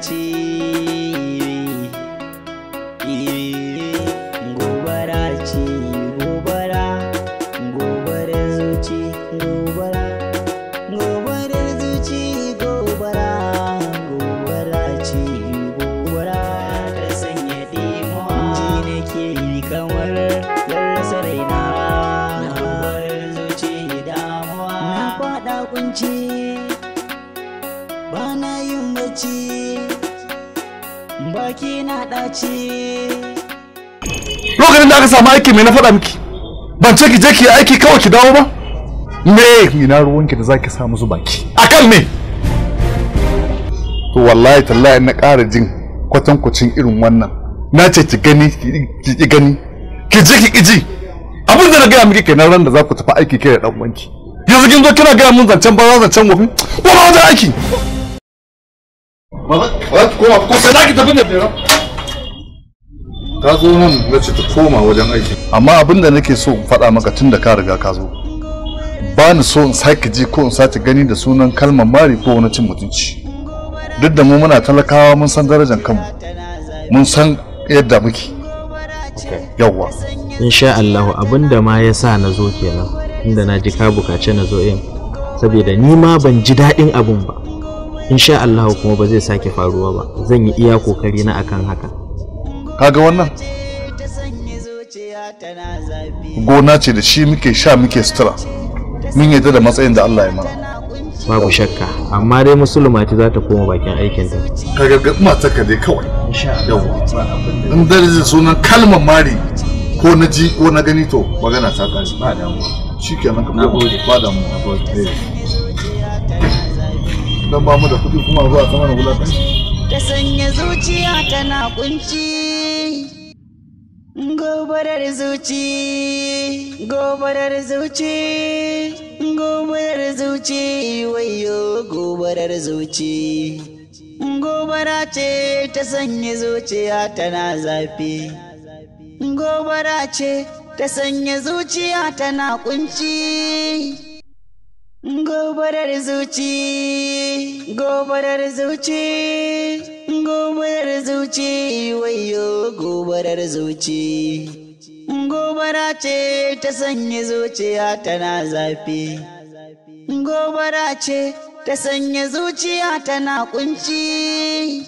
记。baki na ɗaci lokacin da aka samu aiki mai na faɗa miki ban ce ki je ki aiki kawai ki dawo ba me ina ruwanki da zaki sa musu baki kan me to wallahi tallahi na ƙara jin kwatankwacin irin wannan na ce ki gani ki gani ki je ki ƙiji. abin da na gaya miki kenan ran da za ku tafi aiki kai da ɗan wanki yanzu kin zo kina gaya mun zancen ba zancen wofi ko ba wajen aiki ko sana ki tafi da ka zo nan na ce ta koma wajen aiki amma abin da nake so in faɗa maka tun da ka riga ka zo ba ni so in sake ji ko in sake gani da sunan kalmar mari ko wani cin mutunci duk da mu muna talakawa mun san darajar kanmu mun san yadda muke yawwa insha Allahu abin da ma ya sa na zo kenan inda na ji ka bukace na zo yin saboda ni ma ban ji daɗin abun ba insha Allah kuma ba zai sake faruwa ba zan yi iya kokari na akan haka kaga wannan gona ce da shi muke sha muke sutura mun yadda da matsayin da Allah ya mana babu shakka amma dai musulma ta za ta koma bakin aikin ta ka gargaɗi matar ka dai kawai insha Allah in da zai sunan kalmar mari ko na ji ko na gani to magana ta kare ba damuwa shikenan ka ba damuwa don ba mu da kuɗi kuma zuwa sama na wulakanci. Ta sanya zuciya tana kunci gobarar zuci gobarar zuci gobarar zuci wayo gobarar zuci gobara ce ta sanya zuciya tana zafi gobara ce ta sanya zuciya tana kunci Gobarar zuci, gobarar zuci, gobarar zuci, wayo gobarar zuci. Gobara ce ta sanya zuciya tana zafi. Gobara ce ta sanya zuciya tana kunci.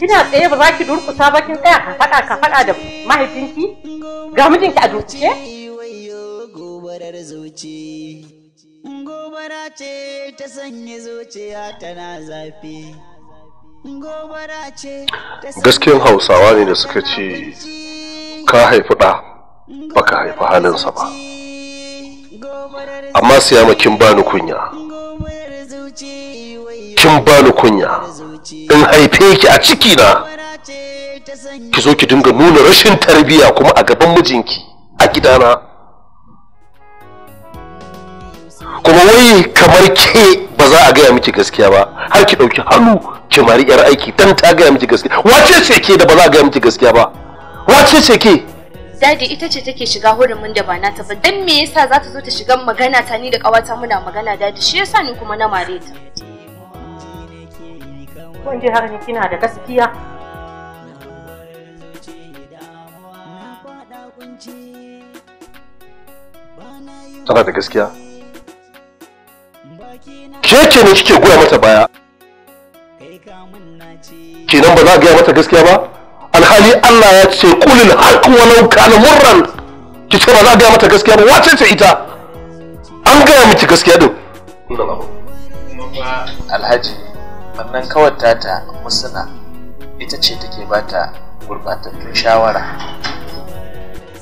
Kina tsaye ba za ki durkusa ba kin tsaya ka faɗa ka faɗa da mahaifinki? Ga mijinki a durkuce? zuci gobara ce ta sanya zuciya tana zafi gobara ce gaskiyar hausawa ne da suka ce ka haifi ɗa baka haifi halinsa ba amma siyama kin bani kunya kin bani kunya in haife ki a ciki na ki zo ki dinga nuna rashin tarbiyya kuma a gaban mijinki a gidana kuma wai kamar ke ba za a gaya miki gaskiya ba har ki ɗauki hannu ki mari yar aiki dan ta gaya miki gaskiya wace ce ke da ba za a gaya miki gaskiya ba wace ce ke Dadi ita ce take shiga hurumin da ba na ta ba dan me yasa za ta zo ta shiga magana ta ni da kawata muna magana dadi shi yasa ni kuma na mare ta kun ji har ni kina da gaskiya Tana da gaskiya ke ce ne kike goya mata baya kenan ba za a gaya mata gaskiya ba alhali Allah ya ce kulil haqqu walau kana murran ki ce ba za a gaya mata gaskiya ba wace ce ita an gaya miki gaskiya din alhaji wannan kawar tata musuna ita ce take bata gurbatattun shawara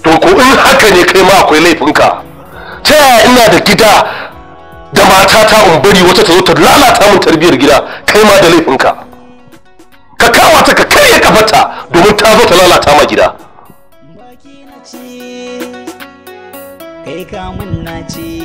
to ko in haka ne kai ma akwai laifinka ta yaya ina da gida da matata in bari wata ta zo ta lalata min tarbiyyar gida kai ma da laifin ka kawo ta ka karya kafarta domin ta zo ta lalata ma gida kai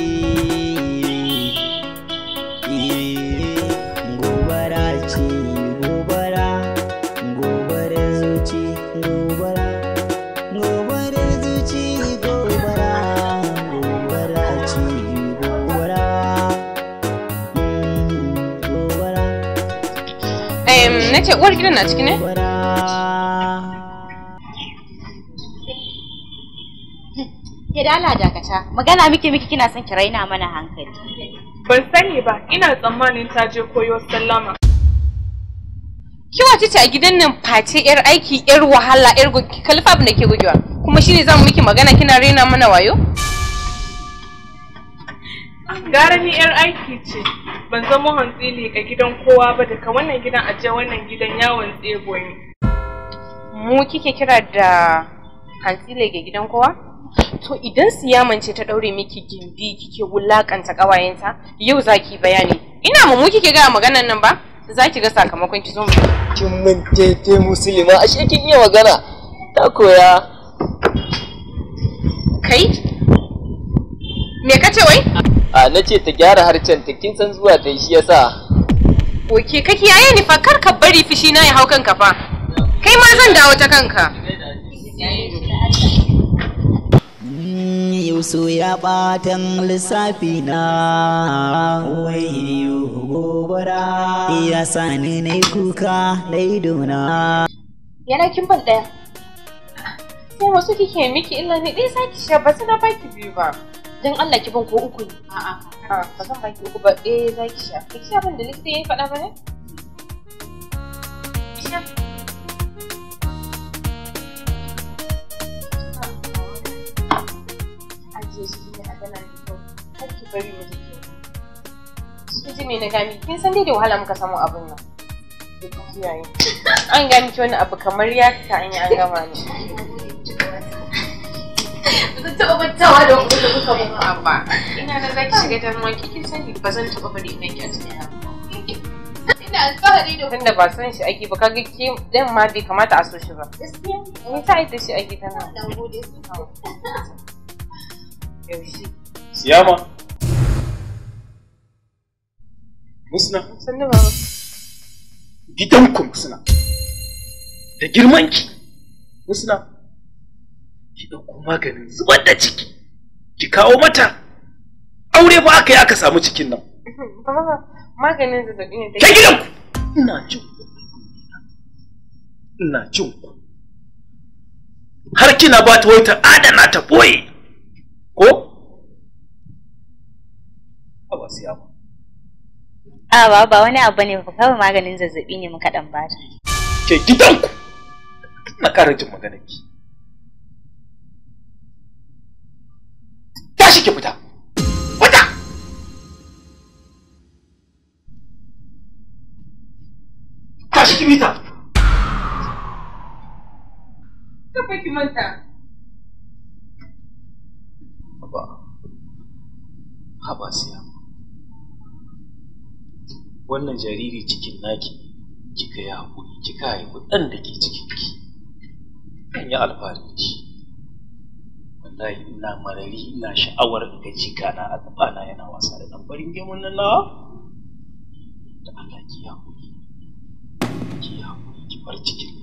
ce uwar gidan na ciki ne ke da dakata magana miki miki kina son ki raina mana hankali ban sani ba ina tsammanin ta je koyo sallama ki wace ce a gidan nan face yar aiki yar wahala yar abin da ke gujewa kuma shine zamu miki magana kina raina mana wayo gara ni yar aiki ce ban zama hantsi ga gidan kowa ba daga wannan gidan aje wannan gidan yawon tsegoyi mu kike kira da hantsi ga gidan kowa to idan ce ta daure miki gindi kike wulakanta kawayenta yau zaki bayani ina mu kike ga maganan nan ba zaki ga sakamakon ki zo mu kin mun te musulma ashe kin iya magana ta koya kai me kace wai a na ce ta gyara harcen ta kin san zuwa ta shi yasa oke kake yaye ni fa kar ka bari fishi na ya hau kanka fa kai ma zan dawo ta kanka yau so ya batan lissafi na wayo gobara ya sani na kuka na idona yana kin ban daya sai wasu kike miki illa ne dai saki sha ba na baki biyu ba don Allah ki ban ko uku ne a'a ba zan baki uku ba eh za ki sha ki sha abin da likita ya faɗa ba ne ajiye shi ne a gana da kyau kar ki bari mu jike ki ji me na gami kin san dai da wahala muka samu abin nan an gani ki wani abu kamar ya ta an yi an gama ne Ba taɓa mantawa da wanda kuka mun amma. Ina da zaki shiga damuwa kike sani ba zan taɓa bari na ki a cikin Ina alfahari da wanda ba san shi ake ba ka ga ke dan ma bai kamata a so shi ba. Gaskiya. Me ta aita shi ake ta nan? Dan gode su Yaushe. Siyama. Musna. Sannu baba. Gidanku Musna. Da girmanki. Musna. ki ɗauko maganin zubar da ciki ki kawo mata aure ba aka yi aka samu cikin nan maganin zazzabi ne take gidan ku ina jin ku ina cin ku har kina ba ta wai adana ta boye ko ba sai ba a ba ba wani abu ne ba kawai maganin zazzabi ne muka dan bata ke gidan ku na ƙara jin maganar ki tashi ki fita fita tashi ki mita kafa ki manta haba haba wannan jariri cikin naki kika yi haƙuri kika haifi ɗan da ke cikin ki an yi alfahari shi wallahi ina marari ina sha'awar in ga jikana a gabana yana wasa da ɗan farin gemun nan nawa da Allah ki haƙuri ki haƙuri ki bar cikin